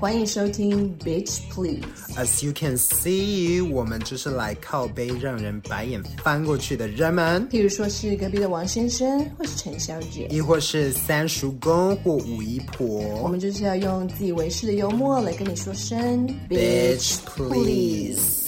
歡迎收聽 Bitch Please。As you can see，我們就是來靠北讓人白眼翻過去的人們。譬如說是隔壁的王先生，或是陳小姐，亦或是三叔公或五姨婆。我們就是要用自以為是的幽默來跟你說聲 Bitch Please。Please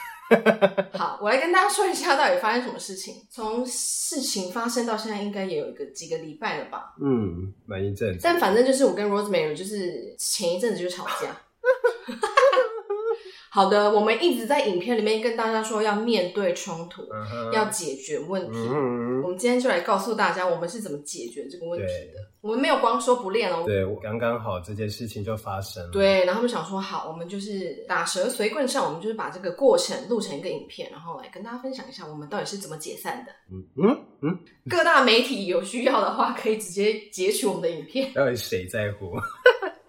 好，我來跟大家說一下到底發生什麼事情。從事情發生到現在，應該也有一個幾個禮拜了吧？嗯，蠻一陣子。但反正就是我跟 Rosemary 就是前一陣子就吵架。 好的，我們一直在影片裡面跟大家說要面對衝突，嗯、哼要解決問題。嗯嗯，我們今天就來告訴大家，我們是怎麼解決這個問題的。對我們沒有光說不練哦。對，我剛剛好這件事情就發生了。對，然後他們想說，好，我們就是打蛇隨棍上，我們就是把這個過程錄成一個影片，然後來跟大家分享一下，我們到底是怎麼解散的。嗯嗯嗯，嗯，各大媒體有需要的話，可以直接截取我們的影片。到底誰在乎？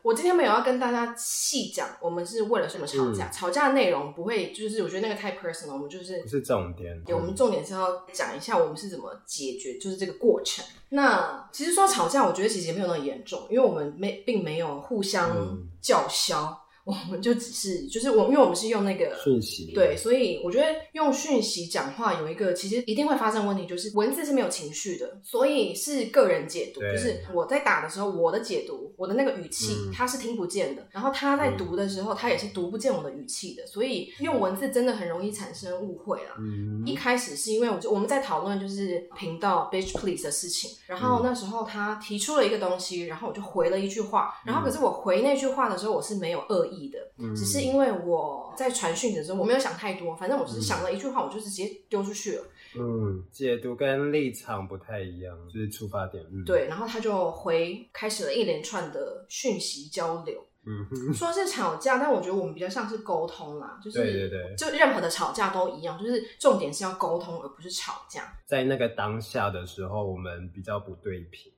我今天沒有要跟大家細講，我們是為了什麼吵架？嗯、吵架的內容不會，就是我覺得那個太 personal，我們就是不是重點。我們重點是要講一下我們是怎麼解決，就是這個過程。那其實說吵架，我覺得其實也沒有那麼嚴重，因為我們沒並沒有互相叫囂。嗯我們就只是就是我們，因為我們是用那個訊息對，所以我覺得用訊息講話有一個其實一定會發生問題，就是文字是沒有情緒的，所以是個人解讀。對就是我在打的時候，我的解讀，我的那個語氣，他、嗯、是聽不見的。然後他在讀的時候，他、嗯、也是讀不見我的語氣的。所以用文字真的很容易產生誤會啊。嗯、一開始是因為我就我們在討論就是頻道 Bitch please 的事情，然後那時候他提出了一個東西，然後我就回了一句話，然後可是我回那句話的時候，我是沒有惡意。意的，只是因為我在傳訊的時候，我沒有想太多，反正我只是想到一句話，我就是直接丟出去了。嗯，解讀跟立場不太一樣，就是出發點。嗯、對，然後他就回，開始了一連串的訊息交流。嗯，說是吵架，但我覺得我們比較像是溝通啦，就是對對對，就任何的吵架都一樣，就是重點是要溝通，而不是吵架。在那個當下的時候，我們比較不對頻，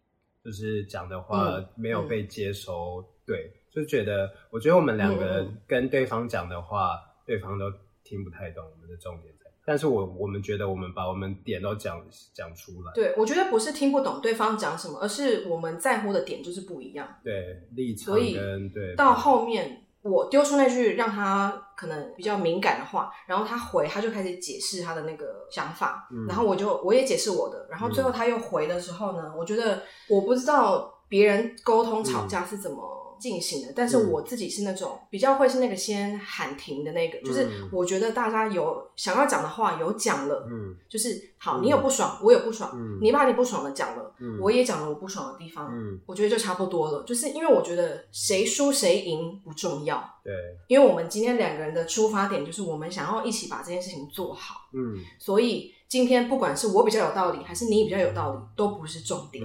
就是講的話沒有被接收。嗯嗯、對。就覺得，我覺得我們兩個人跟對方講的話，嗯、對方都聽不太懂我們的重點在。但是我我們覺得我們把我們點都講講出來。對，我覺得不是聽不懂對方講什麼，而是我們在乎的點就是不一樣。對，立場跟所以對。到後面我丟出那句讓他可能比較敏感的話，然後他回，他就開始解釋他的那個想法，嗯、然後我就我也解釋我的，然後最後他又回的時候呢，嗯、我覺得我不知道別人溝通吵架是怎麼。嗯進行的，但是我自己是那種、嗯、比較會是那個先喊停的那個，就是我覺得大家有想要講的話有講了，嗯，就是好，嗯、你有不爽，我有不爽，嗯、你把你不爽的講了，嗯、我也講了我不爽的地方，嗯，我覺得就差不多了，就是因為我覺得誰輸誰贏不重要，對，因為我們今天兩個人的出發點就是我們想要一起把這件事情做好，嗯，所以。今天不管是我比較有道理，還是你比較有道理，都不是重點。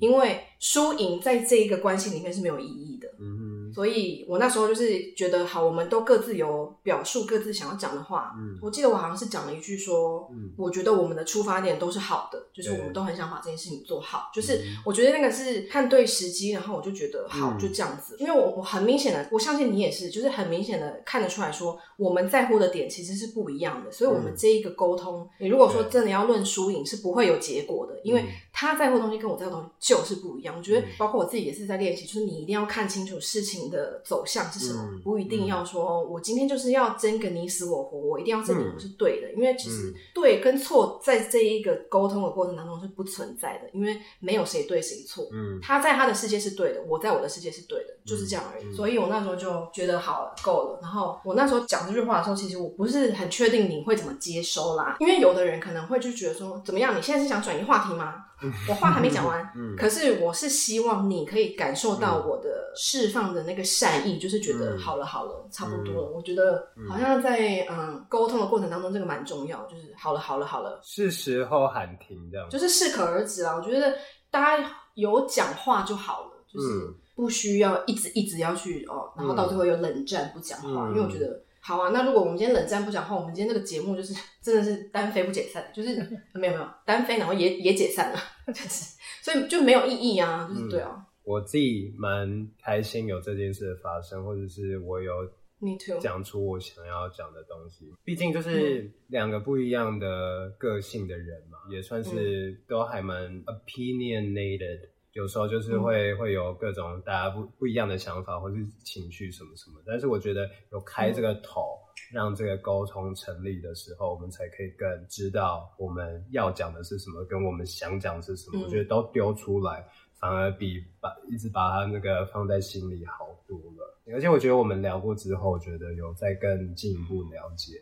因為輸贏在這一個關係裡面是沒有意義的。所以，我那時候就是覺得好，我們都各自有表述各自想要講的話。嗯、我記得我好像是講了一句說，嗯、我覺得我們的出發點都是好的，就是我們都很想把這件事情做好。嗯、就是我覺得那個是看對時機，然後我就覺得好、嗯、就這樣子。因為我我很明顯的，我相信你也是，就是很明顯的看得出來說我們在乎的點其實是不一樣的。所以我們這一個溝通，你如果說真的要論輸贏是不會有結果的，因為他在乎的東西跟我在乎的東西就是不一樣。我覺得包括我自己也是在練習，就是你一定要看清楚事情的走向是什麼？嗯嗯、不一定要說，我今天就是要爭個你死我活，我一定要證明我是對的。嗯、因為其實對跟錯，在這一個溝通的過程當中是不存在的，因為沒有誰對誰錯。嗯，他在他的世界是對的，我在我的世界是對的，就是這樣而已。嗯嗯、所以我那時候就覺得好了，夠了。然後我那時候講這句話的時候，其實我不是很確定你會怎麼接收啦。因為有的人可能會就覺得說，怎麼樣？你現在是想轉移話題嗎？ 我話還沒講完。嗯、可是我是希望你可以感受到我的釋放的那個善意，嗯、就是覺得好了好了，嗯、差不多了。嗯、我覺得好像在嗯溝通的過程當中，這個蠻重要，就是好了好了好了，是時候喊停的，就是適可而止啦。我覺得大家有講話就好了，就是不需要一直一直要去哦，然後到最後又冷戰不講話，嗯、因為我覺得。好啊，那如果我們今天冷戰不講話，我們今天這個節目就是真的是單飛不解散，就是沒有沒有單飛，然後也也解散了，就是所以就沒有意義啊，就是對哦、啊嗯。我自己蠻開心有這件事的發生，或者是我有講出我想要講的東西，me too。畢竟就是兩個不一樣的個性的人嘛，嗯、也算是都還蠻 opinionated。有時候就是會、嗯、會有各種大家不不一樣的想法或是情緒什麼什麼，但是我覺得有開這個頭，嗯、讓這個溝通成立的時候，我們才可以更知道我們要講的是什麼，跟我們想講的是什麼。嗯、我覺得都丟出來，反而比把一直把它那個放在心裡好多了。而且我覺得我們聊過之後，我覺得有在更進一步了解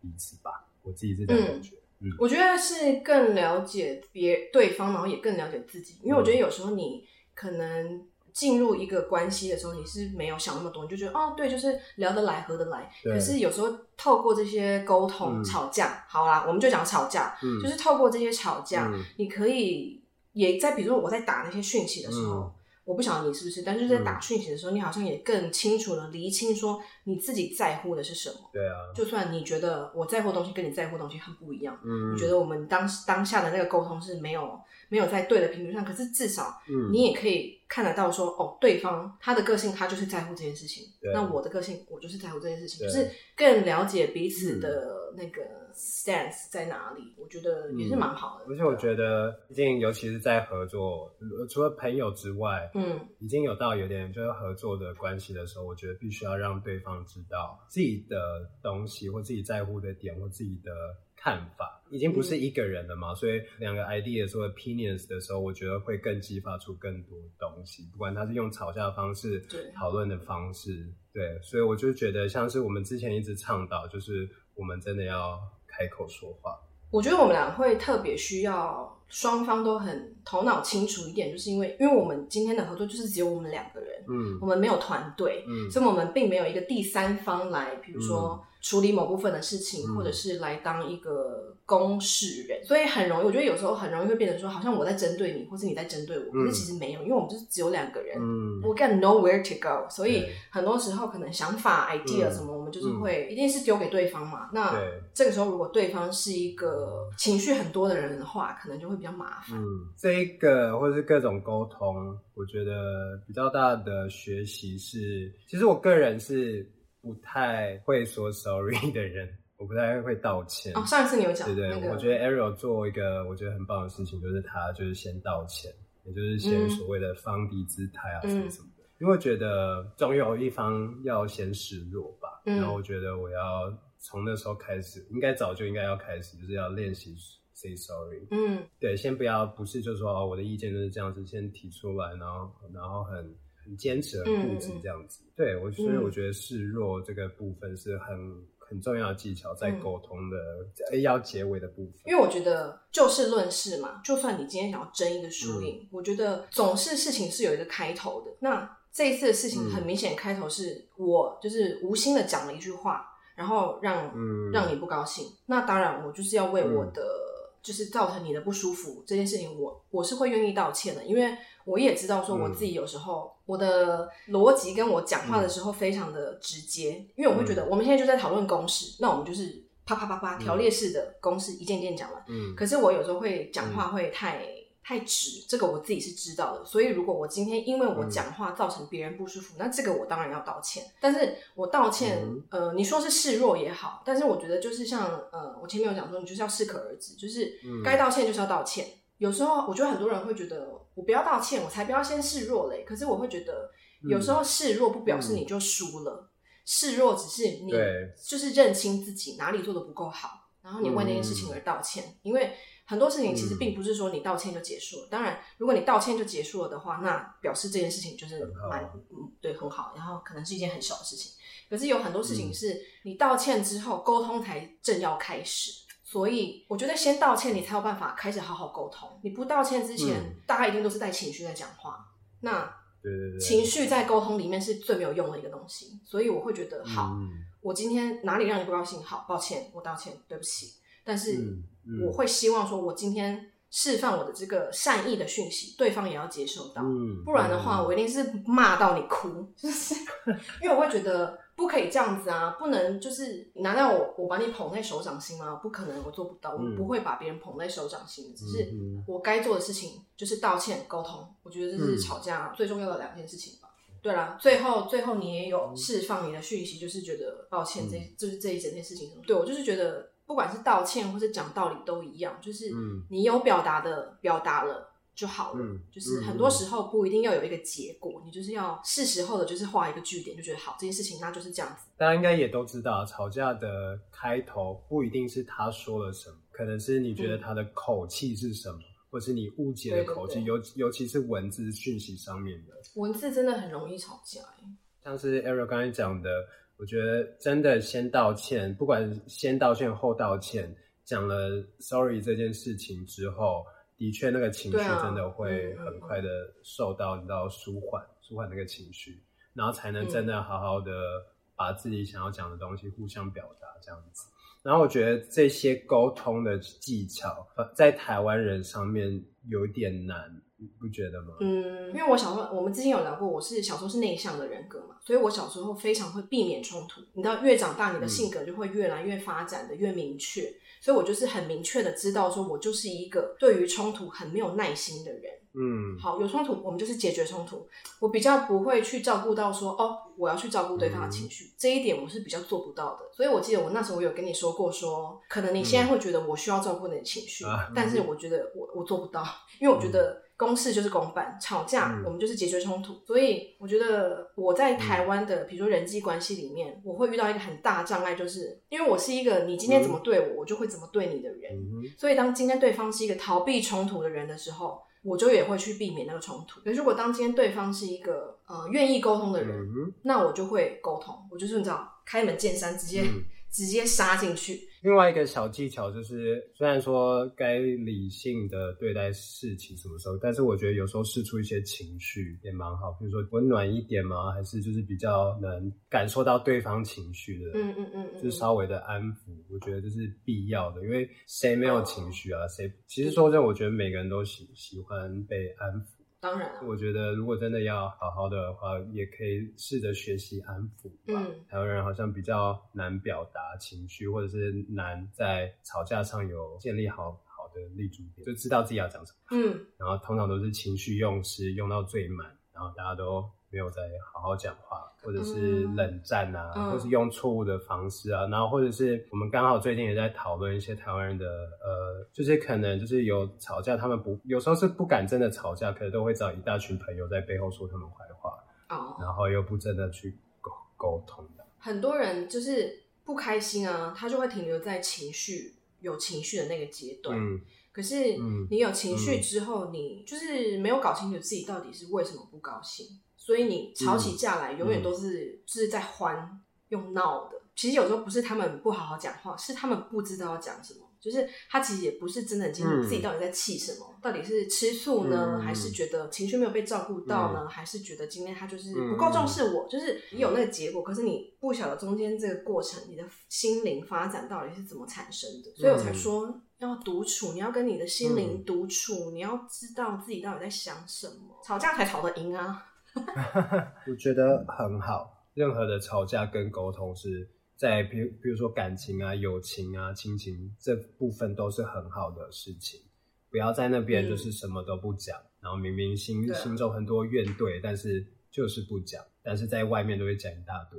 彼此吧，我自己是這樣感覺。嗯嗯、我覺得是更了解別對方，然後也更了解自己，因為我覺得有時候你可能進入一個關係的時候、嗯、你是沒有想那麼多，你就覺得哦對，就是聊得來合得來，但對是有時候透過這些溝通、嗯、吵架，好啦，我們就講吵架，嗯、就是透過這些吵架，嗯、你可以也在比如說我在打那些訊息的時候。嗯我不曉得你是不是，但就是在打訊息的時候，嗯、你好像也更清楚了，釐清說你自己在乎的是什麼。對啊，就算你覺得我在乎東西跟你在乎東西很不一樣，嗯，嗯，你覺得我們當時當下的那個溝通是沒有沒有在對的頻率上，可是至少你也可以看得到說，嗯、哦，對方他的個性他就是在乎這件事情，對那我的個性我就是在乎這件事情，對就是更了解彼此的那個。stance 在哪裡？我覺得也是蠻好的。嗯、的而且我覺得，畢竟尤其是在合作，除了朋友之外，嗯，已經有到有點就是合作的關係的時候，我覺得必須要讓對方知道自己的東西或自己在乎的點或自己的看法，已經不是一個人了嘛。嗯、所以兩個 ideas 或者 opinions 的時候，我覺得會更激發出更多東西，不管他是用吵架的方式，對，討論的方式，對。所以我就覺得，像是我們之前一直倡導，就是我們真的要。開口說話，我覺得我們倆會特別需要雙方都很頭腦清楚一點，就是因為因為我們今天的合作就是只有我們兩個人，嗯，我們沒有團隊，嗯，所以我們並沒有一個第三方來，比如說處理某部分的事情，嗯，或者是來當一個。公事人，所以很容易，我覺得有時候很容易會變成說，好像我在針對你，或是你在針對我，可是、嗯、其實沒有，因為我們就是只有兩個人，我感覺 nowhere to go，所以很多時候可能想法、idea 什麼，嗯、我們就是會一定是丟給對方嘛。嗯、那這個時候如果對方是一個情緒很多的人的話，可能就會比較麻煩。嗯，這一個或是各種溝通，我覺得比較大的學習是，其實我個人是不太會說 sorry 的人。我不太會道歉。哦，上一次你有講對對、那個、我覺得 Ariel 做一個我覺得很棒的事情，就是他就是先道歉，嗯、也就是先所謂的放低姿態啊、嗯、什麼什麼的。因為我覺得總有一方要先示弱吧。嗯、然後我覺得我要從那時候開始，應該早就應該要開始，就是要練習 say sorry。嗯，對，先不要不是就說、哦、我的意見就是這樣子先提出來，然後然後很很堅持很固執這樣子。嗯、對我，所以我覺得示弱這個部分是很。很重要的技巧，在溝通的要、嗯、結尾的部分，因為我覺得就事論事嘛，就算你今天想要爭一個輸贏，嗯、我覺得總是事情是有一個開頭的。那這一次的事情很明顯，開頭是、嗯、我就是無心的講了一句話，然後讓、嗯、讓你不高興。那當然，我就是要為我的。嗯就是造成你的不舒服這件事情我，我我是會願意道歉的，因為我也知道說我自己有時候、嗯、我的邏輯跟我講話的時候非常的直接，嗯、因為我會覺得我們現在就在討論公事，嗯、那我們就是啪啪啪啪、嗯、條列式的公事一件件講完，嗯，可是我有時候會講話會太。太直，這個我自己是知道的。所以，如果我今天因為我講話造成別人不舒服，嗯、那這個我當然要道歉。但是，我道歉，嗯、呃，你說是示弱也好，但是我覺得就是像，呃，我前面有講說，你就是要適可而止，就是該道歉就是要道歉。嗯、有時候，我覺得很多人會覺得我不要道歉，我才不要先示弱嘞。可是，我會覺得有時候示弱不表示你就輸了，嗯嗯、示弱只是你就是認清自己哪裡做得不夠好，嗯、然後你為那件事情而道歉，因為。很多事情其實並不是說你道歉就結束了。嗯、當然，如果你道歉就結束了的話，那表示這件事情就是蠻好、嗯，對，很好。然後可能是一件很小的事情。可是有很多事情是你道歉之後、嗯、溝通才正要開始。所以我覺得先道歉，你才有辦法開始好好溝通。你不道歉之前，嗯、大家一定都是帶情緒在講話。那，對，情緒在溝通裡面是最沒有用的一個東西。所以我會覺得，好，嗯、我今天哪裡讓你不高興？好，抱歉，我道歉，對不起。但是。嗯嗯、我會希望說，我今天釋放我的這個善意的訊息，對方也要接受到，嗯、不然的話，我一定是罵到你哭，就是因為我會覺得不可以這樣子啊，不能就是難道我我把你捧在手掌心嗎、啊？不可能，我做不到，嗯、我不會把別人捧在手掌心的。只是我該做的事情就是道歉、溝通，我覺得這是吵架、啊嗯、最重要的兩件事情吧。對啦，最後最後你也有釋放你的訊息，嗯、就是覺得抱歉，嗯、這就是這一整件事情。對，我就是覺得。不管是道歉或是講道理都一樣，就是你有表達的、嗯、表達了就好了。嗯、就是很多時候不一定要有一個結果，嗯、你就是要是時候的，就是畫一個句點，就覺得好這件事情那就是這樣子。大家應該也都知道，吵架的開頭不一定是他說了什麼，可能是你覺得他的口氣是什麼，嗯、或是你誤解的口氣，尤尤其是文字訊息上面的。文字真的很容易吵架、欸，像是 Ariel 剛才講的。我覺得真的先道歉，不管先道歉後道歉，講了 sorry 這件事情之後，的確那個情緒真的會很快的受到你知道舒緩，嗯、舒緩那個情緒，然後才能真的好好的把自己想要講的東西互相表達這樣子。嗯、然後我覺得這些溝通的技巧在台灣人上面有點難。你不覺得嗎？嗯，因為我想問，我們之前有聊過，我是小時候是內向的人格嘛，所以我小時候非常會避免衝突。你知道，越長大，你的性格就會越來越發展的、嗯、越明確，所以我就是很明確的知道，說我就是一個對於衝突很沒有耐心的人。嗯，好，有衝突，我們就是解決衝突。我比較不會去照顧到說，哦，我要去照顧對方的情緒，嗯、這一點我是比較做不到的。所以我記得我那時候我有跟你說過說，說可能你現在會覺得我需要照顧你的情緒，嗯、但是我覺得我我做不到，因為我覺得、嗯。公事就是公辦，吵架我們就是解決衝突。嗯、所以我覺得我在台灣的，比、嗯、如說人際關係裡面，我會遇到一個很大障礙，就是因為我是一個你今天怎麼對我，嗯、我就會怎麼對你的人。嗯、哼所以當今天對方是一個逃避衝突的人的時候，我就也會去避免那個衝突。可是如果當今天對方是一個呃願意溝通的人，嗯、哼那我就會溝通，我就是你知道，開門見山、嗯，直接。直接殺進去。另外一個小技巧就是，雖然說該理性的對待事情什麼時候，但是我覺得有時候釋出一些情緒也蠻好。比如說溫暖一點嘛，還是就是比較能感受到對方情緒的？嗯嗯嗯，嗯就是稍微的安撫，我覺得這是必要的。因為誰沒有情緒啊？誰其實說真，我覺得每個人都喜喜歡被安撫。當然，我覺得如果真的要好好的話，也可以試着學習安撫吧。嗯，台灣人好像比較難表達情緒，或者是難在吵架上有建立好好的立足點，就知道自己要講什麼。嗯，然後通常都是情緒用詞用到最滿，然後大家都。沒有再好好講話，或者是冷戰啊，嗯、或是用錯誤的方式啊，嗯、然後或者是我們剛好最近也在討論一些台灣人的呃，就是可能就是有吵架，他們不有時候是不敢真的吵架，可能都會找一大群朋友在背後說他們壞話，哦，然後又不真的去溝溝通、啊。很多人就是不開心啊，他就會停留在情緒有情緒的那個階段。嗯，可是你有情緒之後，嗯、你就是沒有搞清楚自己到底是為什麼不高興。所以你吵起架來，永遠都是就、嗯嗯、是在歡用鬧的。其實有時候不是他們不好好講話，是他們不知道要講什麼。就是他其實也不是真的很清楚自己到底在氣什麼，嗯、到底是吃醋呢，嗯、還是覺得情緒沒有被照顧到呢，嗯、還是覺得今天他就是不夠重視我？嗯、就是你有那個結果，可是你不曉得中間這個過程，你的心靈發展到底是怎麼產生的。所以我才說要獨處，你要跟你的心靈獨處，嗯、你要知道自己到底在想什麼。吵架才吵得贏啊！ 我覺得很好。嗯、任何的吵架跟溝通是在譬，比比如說感情啊、友情啊、親情這部分都是很好的事情。不要在那邊就是什麼都不講，嗯、然後明明心對心中很多怨懟，但是就是不講，但是在外面都會講一大堆，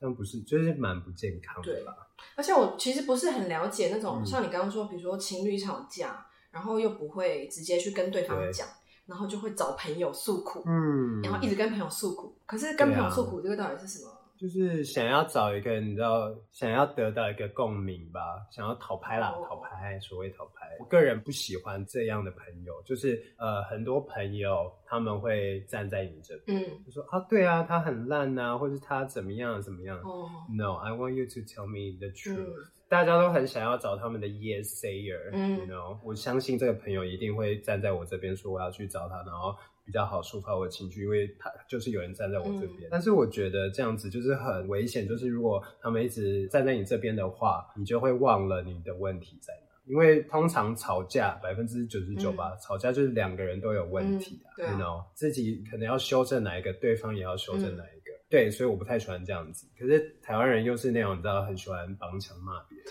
這樣不是就是蠻不健康的吧對？而且我其實不是很了解那種、嗯、像你剛剛說，比如說情侶吵架，然後又不會直接去跟對方講。然後就會找朋友訴苦，嗯，然後一直跟朋友訴苦，可是跟朋友訴苦這個到底是什麼？就是想要找一個，你知道，想要得到一個共鳴吧，想要討拍啦，oh. 討拍，所謂討拍。我個人不喜歡這樣的朋友，就是呃，很多朋友他們會站在你這邊，嗯、就說啊，對啊，他很爛啊，或者他怎麼樣怎麼樣。哦、oh. No，I want you to tell me the truth、嗯。大家都很想要找他們的 yes sayer，嗯 you，no，know? 我相信這個朋友一定會站在我這邊，說我要去找他，然後。比較好抒發我的情緒，因為他就是有人站在我這邊。嗯、但是我覺得這樣子就是很危險，就是如果他們一直站在你這邊的話，你就會忘了你的問題在哪。因為通常吵架百分之九十九吧，嗯、吵架就是兩個人都有問題啊，嗯、對啊，你知道？自己可能要修正哪一個，對方也要修正哪一個。嗯、對，所以我不太喜歡這樣子。可是台灣人又是那種你知道很喜歡幫腔罵別人，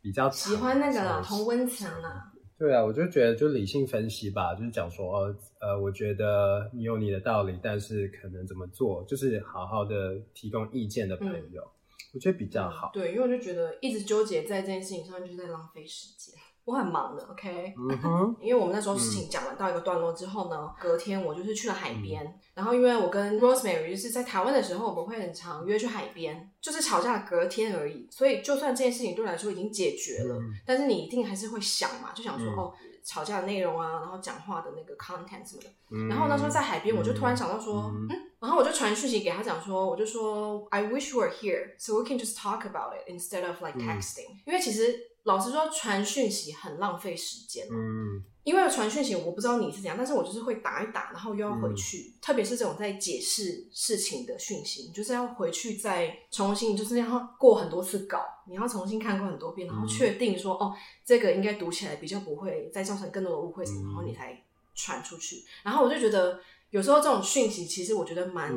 比較喜歡那個老同溫層啊。對啊，我就覺得就理性分析吧，就是講說，哦，呃，我覺得你有你的道理，但是可能怎麼做，就是好好的提供意見的朋友，嗯，我覺得比較好，嗯。對，因為我就覺得一直糾結在這件事情上就是在浪費時間。我很忙的，OK，、uh huh. 因為我們那時候事情講完到一個段落之後呢，mm. 隔天我就是去了海邊。Mm. 然後因為我跟 Rosemary 就是在台灣的時候，我們會很常約去海邊，就是吵架隔天而已。所以就算這件事情對我來說已經解決了，mm. 但是你一定還是會想嘛，就想說、mm. 哦，吵架的內容啊，然後講話的那個 content 什麼的。Mm. 然後那時候在海邊，我就突然想到說，mm. 嗯，然後我就傳訊息給他講說，我就說、mm. I wish you were here, so we can just talk about it instead of like texting，、mm. 因為其實。老實說，傳訊息很浪費時間。嗯，因為傳訊息，我不知道你是怎樣，但是我就是會打一打，然後又要回去。嗯、特別是這種在解釋事情的訊息，你就是要回去再重新，就是要過很多次稿，你要重新看過很多遍，然後確定說，嗯、哦，這個應該讀起來比較不會再造成更多的誤會什麼、嗯、然後你才傳出去。然後我就覺得，有時候這種訊息，其實我覺得蠻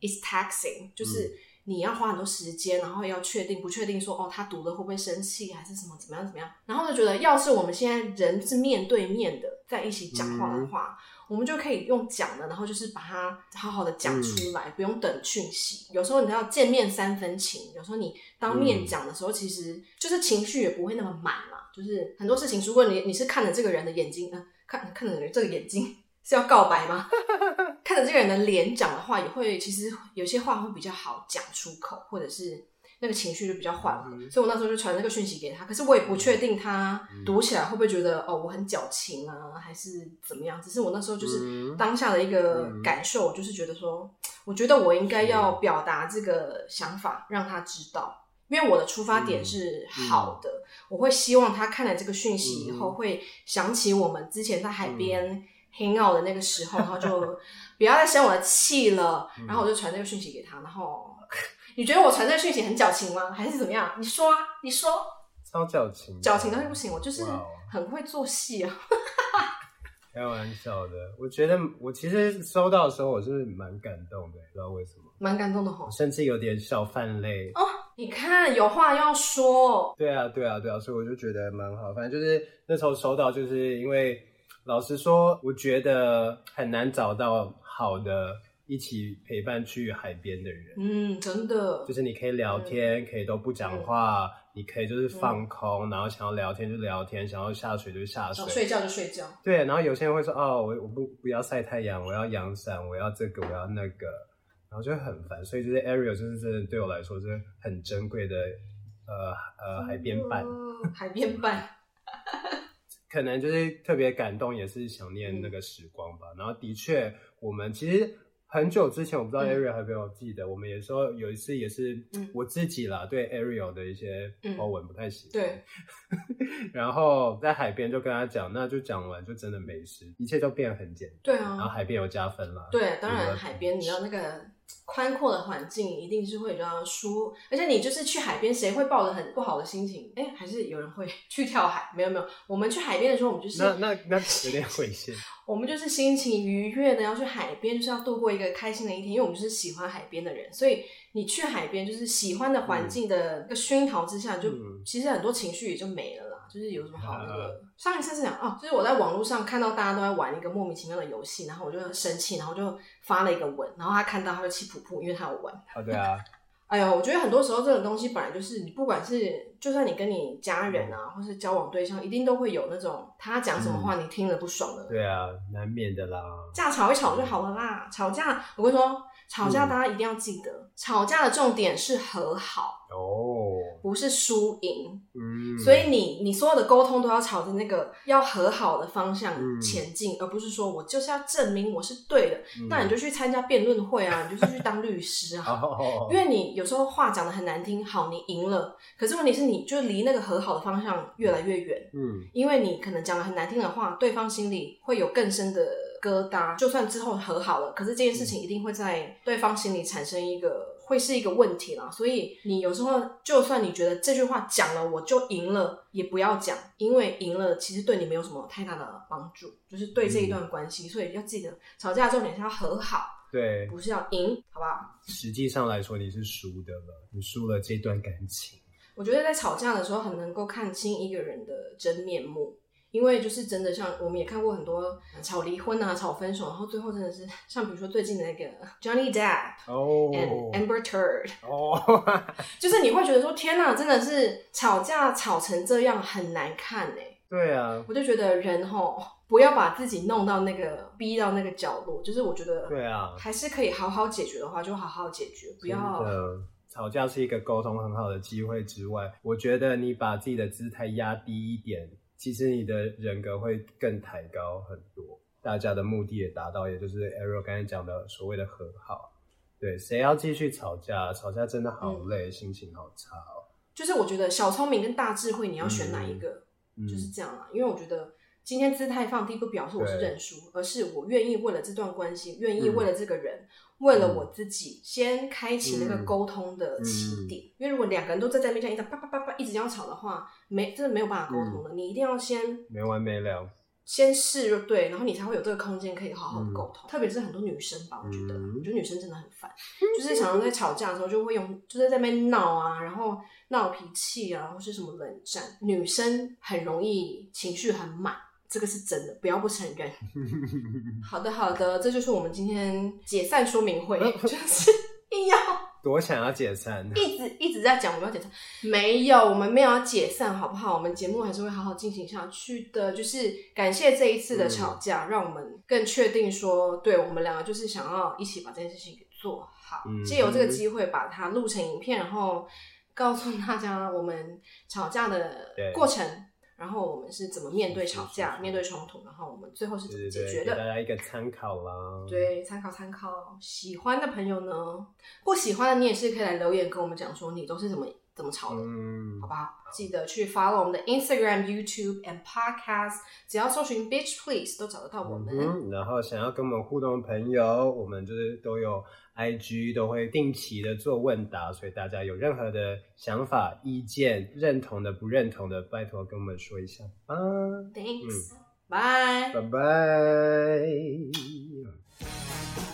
it's taxing，就是。你要花很多時間，然後要確定不確定說哦，他讀了會不會生氣還是什麼怎麼樣怎麼樣，然後就覺得要是我們現在人是面對面的在一起講話的話，嗯、我們就可以用講的，然後就是把它好好的講出來，嗯、不用等訊息。有時候你知道見面三分情，有時候你當面講的時候，嗯、其實就是情緒也不會那麼滿嘛。就是很多事情，如果你你是看着這個人的眼睛，呃、看看着這個眼睛是要告白嗎？ 看着這個人的臉講的話，也會其實有些話會比較好講出口，或者是那個情緒就比較緩和。嗯、所以我那時候就傳這個訊息給他，可是我也不確定他讀起來會不會覺得、嗯、哦我很矯情啊，還是怎麼樣？只是我那時候就是當下的一個感受，就是覺得說，我覺得我應該要表達這個想法讓他知道，因為我的出發點是好的，嗯嗯、我會希望他看了這個訊息以後會想起我們之前在海邊。黑好的那個時候，然後 就不要再生我的氣了。 然後我就傳這個訊息給他。嗯、然後你覺得我傳這個訊息很矯情嗎？還是怎麼樣？你說啊，你說。超矯情的，矯情都是不行，我就是很會做戲啊。哦、 開玩笑的，我覺得我其實收到的時候，我是蠻感動的，不知道為什麼。蠻感動的吼、哦。甚至有點小泛淚。哦，你看，有話要說。對啊，對啊，對啊，所以我就覺得蠻好。反正就是那時候收到，就是因為。老實說，我覺得很難找到好的一起陪伴去海邊的人。嗯，真的，就是你可以聊天，嗯、可以都不講話，嗯、你可以就是放空，嗯、然後想要聊天就聊天，想要下水就下水，想睡覺就睡覺。對，然後有些人會說：“哦，我不我不不要曬太陽，我要陽傘，我要這個，我要那個。”然後就會很煩。所以就是 Ariel，就是真的對我來說是很珍貴的，呃呃，嗯、海邊伴，嗯、海邊伴。 可能就是特別感動，也是想念那個時光吧。嗯、然後的確，我們其實很久之前，我不知道 Ariel 還沒有記得，嗯、我們也說有一次也是我自己啦，嗯、對 Ariel 的一些口吻不太喜歡。歡、嗯、對， 然後在海邊就跟他講，那就講完就真的沒事，一切就變得很簡單。對、哦、然後海邊有加分啦。對、啊，當然海邊你知道那個。寬闊的環境一定是會比較舒服，而且你就是去海邊，誰會抱着很不好的心情？哎、欸，還是有人會去跳海？沒有沒有，我們去海邊的時候，我們就是那那那有點危險， 我們就是心情愉悅的要去海邊，就是要度過一個開心的一天，因為我們就是喜歡海邊的人，所以你去海邊就是喜歡的環境的一個熏陶之下，就、嗯、其實很多情緒也就沒了。就是有什麼好那個上一次是講哦，就是我在網絡上看到大家都在玩一個莫名其妙的遊戲，然後我就很生氣，然後就發了一個文，然後他看到他就氣噗噗，因為他有玩。好、啊、對啊。 哎呀，我覺得很多時候這種東西本來就是你不管是。就算你跟你家人啊，或是交往對象，一定都會有那種他講什麼話你聽了不爽的。嗯。對啊，難免的啦。架吵一吵就好了啦。嗯、吵架，我跟你說吵架，大家一定要記得，嗯、吵架的重點是和好哦，不是輸贏。嗯。所以你你所有的溝通都要朝着那個要和好的方向前進，嗯、而不是說我就是要證明我是對的，那、嗯、你就去參加辯論會啊，你就是去當律師啊。 因為你有時候話講的很難聽，好，你贏了，可是問題是你。你就離那個和好的方向越來越遠，嗯，嗯，因為你可能講了很難聽的話，對方心裡會有更深的疙瘩。就算之後和好了，可是這件事情一定會在對方心裡產生一個，嗯，會是一個問題啦。所以你有時候就算你覺得這句話講了我就贏了，也不要講，因為贏了其實對你沒有什麼太大的幫助，就是對這一段關係。嗯，所以要記得，吵架的重點是要和好，對，不是要贏，好不好？實際上來說，你是輸的了，你輸了這段感情。我覺得在吵架的時候，很能夠看清一個人的真面目，因為就是真的，像我們也看過很多吵離婚啊、吵分手，然後最後真的是像比如說最近的那個 Johnny Depp 和 Amber Turd 哦，oh. oh. 就是你會覺得說天哪，真的是吵架吵成這樣很難看呢，欸。對啊，我就覺得人吼不要把自己弄到那個逼到那個角落，就是我覺得對啊，還是可以好好解決的話，就好好解決，不要。吵架是一個溝通很好的機會之外，我覺得你把自己的姿態壓低一點，其實你的人格會更抬高很多，大家的目的也達到，也就是 Ariel 剛才講的所謂的和好。對，誰要繼續吵架？吵架真的好累，嗯、心情好差哦。就是我覺得小聰明跟大智慧，你要選哪一個？嗯、就是這樣啊，因為我覺得今天姿態放低不表示我是認輸，對而是我願意為了這段關係，願意為了這個人。嗯為了我自己，嗯、先開啟那個溝通的起點。嗯嗯、因為如果兩個人都在在那邊一直叭叭叭叭一直這樣吵的話，沒真的沒有辦法溝通的。嗯、你一定要先沒完沒了，先示弱對，然後你才會有這個空間可以好好的溝通。嗯、特別是很多女生吧，我覺，嗯、我覺得，我覺得女生真的很煩，就是常常在吵架的時候就會用，就是在那邊鬧啊，然後鬧脾氣啊，然後是什麼冷戰，女生很容易情緒很滿。這個是真的，不要不承認。 好的，好的，這就是我們今天解散說明會， 就是硬要一，我想要解散，一直一直在講我們要解散，沒有，我們沒有要解散，好不好？我們節目還是會好好進行下去的。就是感謝這一次的吵架，嗯、讓我們更確定說，對我們兩個就是想要一起把這件事情給做好。借、嗯、由這個機會把它錄成影片，然後告訴大家我們吵架的過程。然後我們是怎麼面對吵架、對對對對面對衝突，然後我們最後是怎麼解決的？對對對，給大家一個參考啦。對，參考參考。喜歡的朋友呢，不喜歡的你也是可以來留言跟我們講說，你都是怎麼。怎麼吵？嗯，好不好？記得去 follow 我們的 Instagram、YouTube and podcast，只要搜尋 b i t c h Please 都找得到我們，嗯。然後想要跟我們互動的朋友，我們就是都有 IG，都會定期的做問答，所以大家有任何的想法、意見、認同的、不認同的，拜托跟我們說一下。b t h a n k s b y e bye, bye, bye.